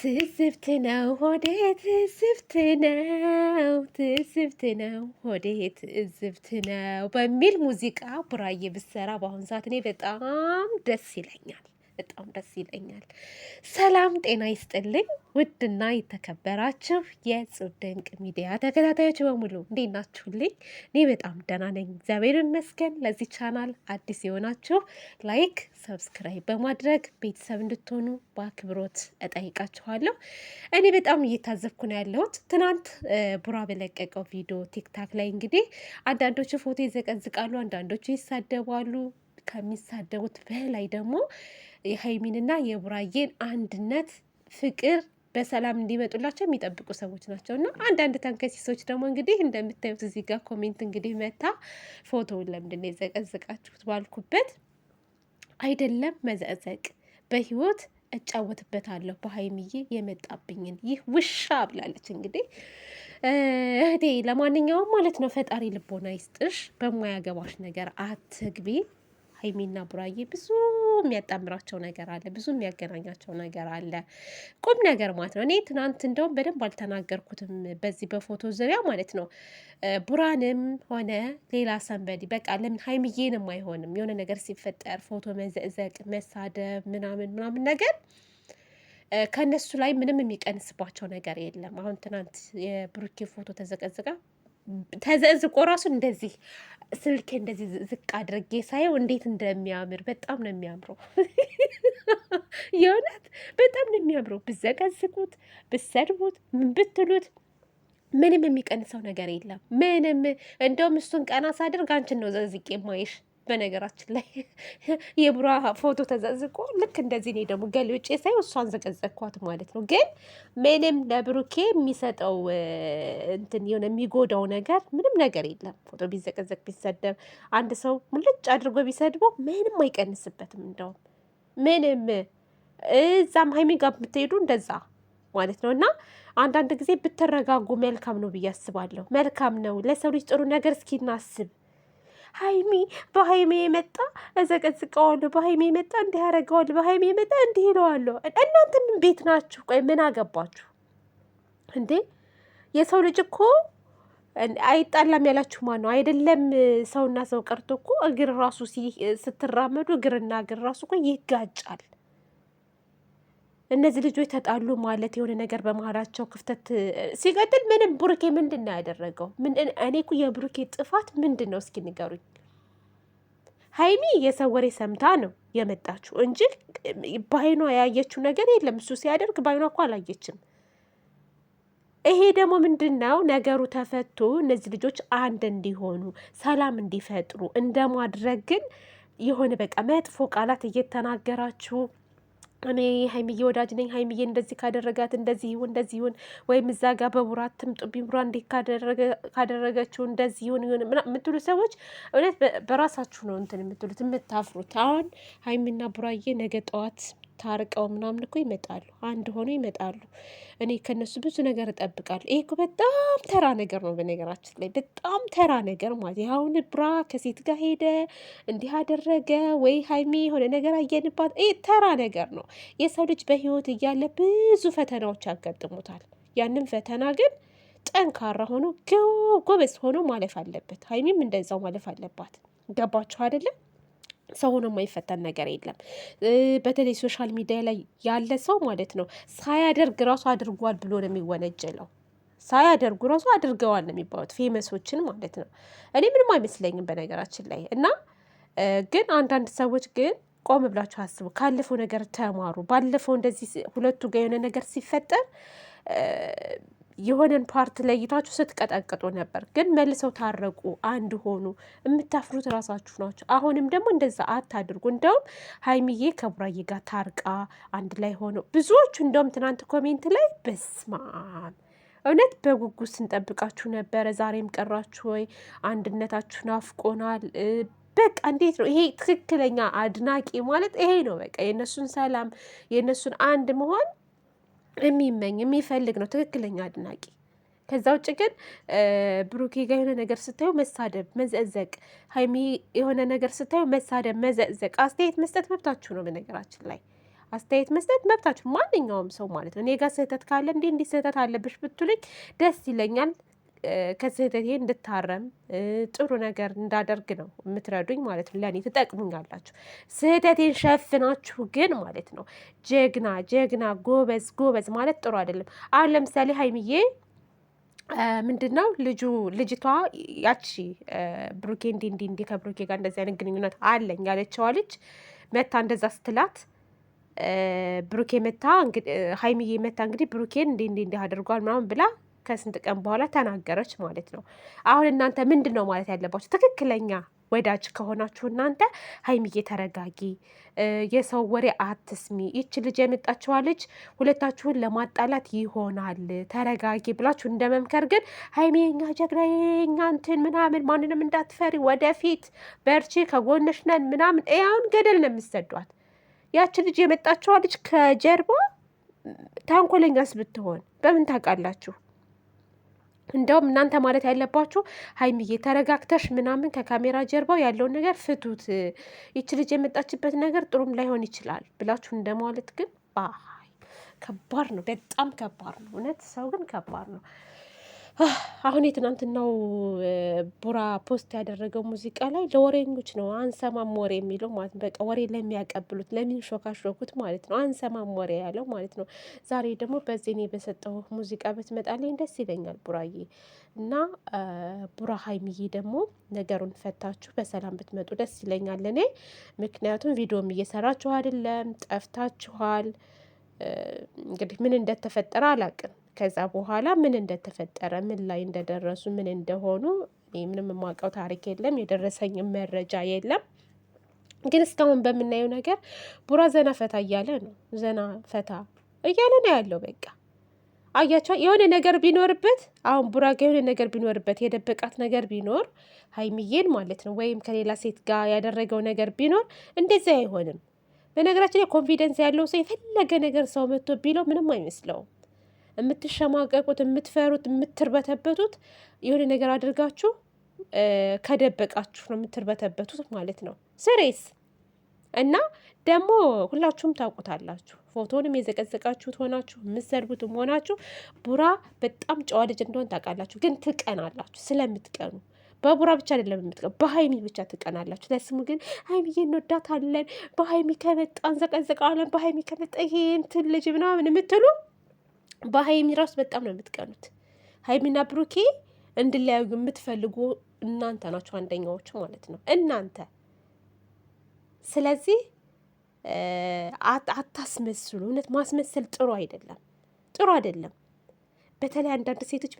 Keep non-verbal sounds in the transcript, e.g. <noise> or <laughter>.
ትስብት ነው ሆዴ ትስብት ነው ትስብት ነው ሆዴ ትስብት ነው በሚል ሙዚቃ ቡራዬ ብሰራ በአሁኑ ሰዓት እኔ በጣም ደስ ይለኛል። በጣም ደስ ይለኛል። ሰላም ጤና ይስጥልኝ። ውድና የተከበራችሁ የጽብ ድንቅ ሚዲያ ተከታታዮች በሙሉ እንዴት ናችሁልኝ? እኔ በጣም ደህና ነኝ፣ እግዚአብሔር ይመስገን። ለዚህ ቻናል አዲስ የሆናችሁ ላይክ፣ ሰብስክራይብ በማድረግ ቤተሰብ እንድትሆኑ በአክብሮት እጠይቃችኋለሁ። እኔ በጣም እየታዘብኩ ነው ያለሁት። ትናንት ቡራ በለቀቀው ቪዲዮ ቲክታክ ላይ እንግዲህ አንዳንዶቹ ፎቶ ይዘቀዝቃሉ፣ አንዳንዶቹ ይሳደባሉ፣ ከሚሳደቡት በላይ ደግሞ የሀይሚንና የቡራዬን አንድነት ፍቅር በሰላም እንዲመጡላቸው የሚጠብቁ ሰዎች ናቸው እና አንዳንድ ተንከሲሶች ደግሞ እንግዲህ እንደምታዩት እዚህ ጋር ኮሜንት እንግዲህ መታ ፎቶውን ለምንድን ነው የዘቀዘቃችሁት ባልኩበት አይደለም መዘቅዘቅ በህይወት እጫወትበታለሁ በሀይሚዬ የመጣብኝን ይህ ውሻ ብላለች። እንግዲህ እህቴ ለማንኛውም ማለት ነው ፈጣሪ ልቦና ይስጥሽ፣ በማያገባሽ ነገር አትግቢ። ሀይሚና ቡራዬ ብዙ የሚያጣምራቸው ነገር አለ፣ ብዙ የሚያገናኛቸው ነገር አለ። ቁም ነገር ማለት ነው። እኔ ትናንት እንደውም በደንብ አልተናገርኩትም በዚህ በፎቶ ዙሪያ ማለት ነው። ቡራንም ሆነ ሌላ ሰንበዲ በቃ ለምን ሀይሚዬንም አይሆንም የሆነ ነገር ሲፈጠር ፎቶ መዘቅዘቅ፣ መሳደብ ምናምን ምናምን ነገር ከእነሱ ላይ ምንም የሚቀንስባቸው ነገር የለም። አሁን ትናንት የብሩኬ ፎቶ ተዘቀዘቀ። ተዘዝቆ ራሱ እንደዚህ ስልክ እንደዚህ ዝቅ አድርጌ ሳየው እንዴት እንደሚያምር በጣም ነው የሚያምረው። <laughs> የእውነት በጣም ነው የሚያምረው። ብዘቀዝቁት፣ ብሰድቡት፣ ምን ብትሉት ምንም የሚቀንሰው ነገር የለም። ምንም እንደውም እሱን ቀና ሳደርግ አንቺን ነው ዘዝቄ ማይሽ በነገራችን ላይ <laughs> የቡራ ፎቶ ተዘዝቆ ልክ እንደዚህ እኔ ደግሞ ገሌ ውጭ ሳይ እሷን ዘቀዘቅኳት ማለት ነው። ግን ምንም ለብሩኬ የሚሰጠው እንትን የሆነ የሚጎዳው ነገር ምንም ነገር የለም። ፎቶ ቢዘቀዘቅ ቢሰደብ፣ አንድ ሰው ሙልጭ አድርጎ ቢሰድበው ምንም አይቀንስበትም። እንደውም ምንም እዛም ሀይሚ ጋር ብትሄዱ እንደዛ ማለት ነው እና አንዳንድ ጊዜ ብትረጋጉ መልካም ነው ብዬ አስባለሁ። መልካም ነው ለሰው ልጅ ጥሩ ነገር እስኪናስብ ሀይሚ በሀይሜ የመጣ እዘቀዝቀዋለሁ፣ በሀይሜ የመጣ እንዲህ ያደርገዋለሁ፣ በሀይሜ የመጣ እንዲህ ይለዋለሁ። እናንተ ምን ቤት ናችሁ? ቆይ ምን አገባችሁ እንዴ? የሰው ልጅ እኮ አይጣላም ያላችሁ ማን ነው? አይደለም ሰውና ሰው ቀርቶ እኮ እግር ራሱ ስትራመዱ እግርና እግር ራሱ እኮ ይጋጫል። እነዚህ ልጆች ተጣሉ ማለት የሆነ ነገር በመሀላቸው ክፍተት ሲቀጥል፣ ምንም ብሩኬ ምንድን ነው ያደረገው? እኔ እኮ የብሩኬ ጥፋት ምንድን ነው እስኪ ንገሩኝ። ሀይሚ የሰው ወሬ ሰምታ ነው የመጣችው እንጂ በአይኗ ያየችው ነገር የለም። እሱ ሲያደርግ በአይኗ እኮ አላየችም። ይሄ ደግሞ ምንድን ነው ነገሩ ተፈቶ እነዚህ ልጆች አንድ እንዲሆኑ ሰላም እንዲፈጥሩ እንደማድረግ ግን የሆነ በቃ መጥፎ ቃላት እየተናገራችሁ እኔ ሀይሚዬ ወዳጅ ነኝ፣ ሀይሚዬ እንደዚህ ካደረጋት እንደዚህ ይሁን እንደዚህ ይሁን፣ ወይም እዛ ጋር በቡራ ትምጡ ቡራ እንዴት ካደረገችው እንደዚህ ይሁን ይሁን የምትሉ ሰዎች እውነት በራሳችሁ ነው እንትን የምትሉት የምታፍሩት። አሁን ሀይሚና ቡራዬ ነገ ጠዋት ታርቀው ምናምን እኮ ይመጣሉ፣ አንድ ሆኖ ይመጣሉ። እኔ ከነሱ ብዙ ነገር እጠብቃለሁ። ይሄ እኮ በጣም ተራ ነገር ነው፣ በነገራችን ላይ በጣም ተራ ነገር ማለት ያሁን ብራ ከሴት ጋር ሄደ እንዲህ አደረገ ወይ ሀይሚ የሆነ ነገር አየንባት፣ ይሄ ተራ ነገር ነው። የሰው ልጅ በህይወት እያለ ብዙ ፈተናዎች ያጋጥሙታል። ያንን ፈተና ግን ጠንካራ ሆኖ ጎበዝ ሆኖ ማለፍ አለበት። ሀይሚም እንደዛው ማለፍ አለባት። ገባችሁ አይደለም? ሰው ሆኖ የማይፈተን ነገር የለም። በተለይ ሶሻል ሚዲያ ላይ ያለ ሰው ማለት ነው ሳያደርግ ራሱ አድርጓል ብሎ ነው የሚወነጀለው። ሳያደርጉ ራሱ አድርገዋል ነው የሚባሉት ፌመሶችን ማለት ነው። እኔ ምንም አይመስለኝም በነገራችን ላይ እና ግን አንዳንድ ሰዎች ግን ቆም ብላችሁ አስቡ። ካለፈው ነገር ተማሩ። ባለፈው እንደዚህ ሁለቱ ጋር የሆነ ነገር ሲፈጠር የሆነን ፓርት ለይታችሁ ስትቀጠቅጡ ነበር፣ ግን መልሰው ታረቁ፣ አንድ ሆኑ። የምታፍሩት ራሳችሁ ናቸው። አሁንም ደግሞ እንደዛ አታድርጉ። እንደውም ሀይሚዬ ከቡራዬ ጋር ታርቃ አንድ ላይ ሆኖ ብዙዎቹ እንደውም ትናንት ኮሜንት ላይ በስማም እውነት በጉጉት ስንጠብቃችሁ ነበረ። ዛሬም ቀራችሁ ወይ? አንድነታችሁ ናፍቆናል። በቃ እንዴት ነው ይሄ ትክክለኛ አድናቂ ማለት ይሄ ነው። በቃ የእነሱን ሰላም የእነሱን አንድ መሆን የሚመኝ የሚፈልግ ነው ትክክለኛ አድናቂ። ከዛ ውጭ ግን ብሩኬ ጋር የሆነ ነገር ስታዩ መሳደብ፣ መዘዘቅ፣ ሀይሚ የሆነ ነገር ስታዩ መሳደብ፣ መዘዘቅ። አስተያየት መስጠት መብታችሁ ነው። በነገራችን ላይ አስተያየት መስጠት መብታችሁ ማንኛውም ሰው ማለት ነው። እኔ ጋር ስህተት ካለ እንዲህ እንዲህ ስህተት አለብሽ ብትሉኝ ደስ ይለኛል። ከስህተቴ እንድታረም ጥሩ ነገር እንዳደርግ ነው የምትረዱኝ ማለት ነው። ለእኔ ትጠቅሙኛላችሁ። ስህተቴን ሸፍናችሁ ግን ማለት ነው ጀግና ጀግና፣ ጎበዝ ጎበዝ ማለት ጥሩ አይደለም። አሁን ለምሳሌ ሀይሚዬ ምንድን ነው ልጁ ልጅቷ ያቺ ብሩኬ እንዲ እንዲ እንዲ ከብሩኬ ጋር እንደዚህ አይነት ግንኙነት አለኝ ያለችዋ ልጅ መታ እንደዛ ስትላት ብሩኬ መታ ሀይሚዬ መታ እንግዲህ ብሩኬን እንዲ እንዲ እንዲ አድርጓል ምናምን ብላ ከስንት ቀን በኋላ ተናገረች ማለት ነው። አሁን እናንተ ምንድን ነው ማለት ያለባችሁ? ትክክለኛ ወዳጅ ከሆናችሁ እናንተ ሀይሚዬ ተረጋጊ፣ የሰው ወሬ አትስሚ፣ ይች ልጅ የመጣችኋ ልጅ ሁለታችሁን ለማጣላት ይሆናል፣ ተረጋጊ ብላችሁ እንደ መምከር ግን ሀይሚ የኛ ጀግና የኛ እንትን ምናምን ማንንም እንዳትፈሪ፣ ወደፊት በርቺ፣ ከጎንሽ ነን ምናምን ያሁን ገደል ነው የምሰዷት። ያች ልጅ የመጣችኋ ልጅ ከጀርባ ተንኮለኛስ ብትሆን በምን ታውቃላችሁ? እንደውም እናንተ ማለት ያለባችሁ ሀይሚዬ ተረጋግተሽ ምናምን ከካሜራ ጀርባው ያለውን ነገር ፍቱት፣ ይች ልጅ የመጣችበት ነገር ጥሩም ላይሆን ይችላል ብላችሁ እንደማለት ግን ከባድ ነው፣ በጣም ከባድ ነው። እውነት ሰው ግን ከባድ ነው። አሁን የትናንትናው ቡራ ፖስት ያደረገው ሙዚቃ ላይ ለወሬኞች ነው አንሰማም ወሬ የሚለው ማለት ነው። በቃ ወሬ ለሚያቀብሉት ለሚንሾካሾኩት ማለት ነው አንሰማም ወሬ ያለው ማለት ነው። ዛሬ ደግሞ በዚህ እኔ በሰጠው ሙዚቃ ብትመጣልኝ ደስ ይለኛል ቡራዬ እና ቡራ ሀይሚዬ ደግሞ ነገሩን ፈታችሁ በሰላም ብትመጡ ደስ ይለኛል እኔ ምክንያቱም ቪዲዮም እየሰራችሁ አይደለም፣ ጠፍታችኋል። እንግዲህ ምን እንደተፈጠረ አላቅም። ከዛ በኋላ ምን እንደተፈጠረ ምን ላይ እንደደረሱ ምን እንደሆኑ ምንም የማውቀው ታሪክ የለም፣ የደረሰኝም መረጃ የለም። ግን እስካሁን በምናየው ነገር ቡራ ዘና ፈታ እያለ ነው። ዘና ፈታ እያለ ነው ያለው። በቃ አያቸው የሆነ ነገር ቢኖርበት አሁን ቡራጋ የሆነ ነገር ቢኖርበት የደበቃት ነገር ቢኖር ሀይሚዬን ማለት ነው፣ ወይም ከሌላ ሴት ጋር ያደረገው ነገር ቢኖር እንደዚህ አይሆንም። በነገራችን ላይ ኮንፊደንስ ያለው ሰው የፈለገ ነገር ሰው መጥቶ ቢለው ምንም አይመስለውም። የምትሸማቀቁት፣ የምትፈሩት፣ የምትርበተበቱት የሆነ ነገር አድርጋችሁ ከደበቃችሁ ነው የምትርበተበቱት ማለት ነው። ስሬስ እና ደግሞ ሁላችሁም ታውቁታላችሁ። ፎቶንም የዘቀዘቃችሁት ሆናችሁ የምትሰድቡትም ሆናችሁ ቡራ በጣም ጨዋ ልጅ እንደሆን ታውቃላችሁ። ግን ትቀናላችሁ። ስለምትቀኑ በቡራ ብቻ አይደለም የምትቀ በሀይሚ ብቻ ትቀናላችሁ። ለስሙ ግን ሀይሚ እንወዳታለን፣ በሀይሚ ከመጣ እንዘቀዘቃለን፣ በሀይሚ ከመጣ ይሄ እንትን ልጅ ምናምን የምትሉ በሀይሚ ራሱ በጣም ነው የምትቀኑት። ሀይሚና ብሩኬ እንድለያዩ የምትፈልጉ እናንተ ናቸው አንደኛዎቹ ማለት ነው እናንተ። ስለዚህ አታስመስሉ። እውነት ማስመሰል ጥሩ አይደለም፣ ጥሩ አይደለም። በተለይ አንዳንድ ሴቶች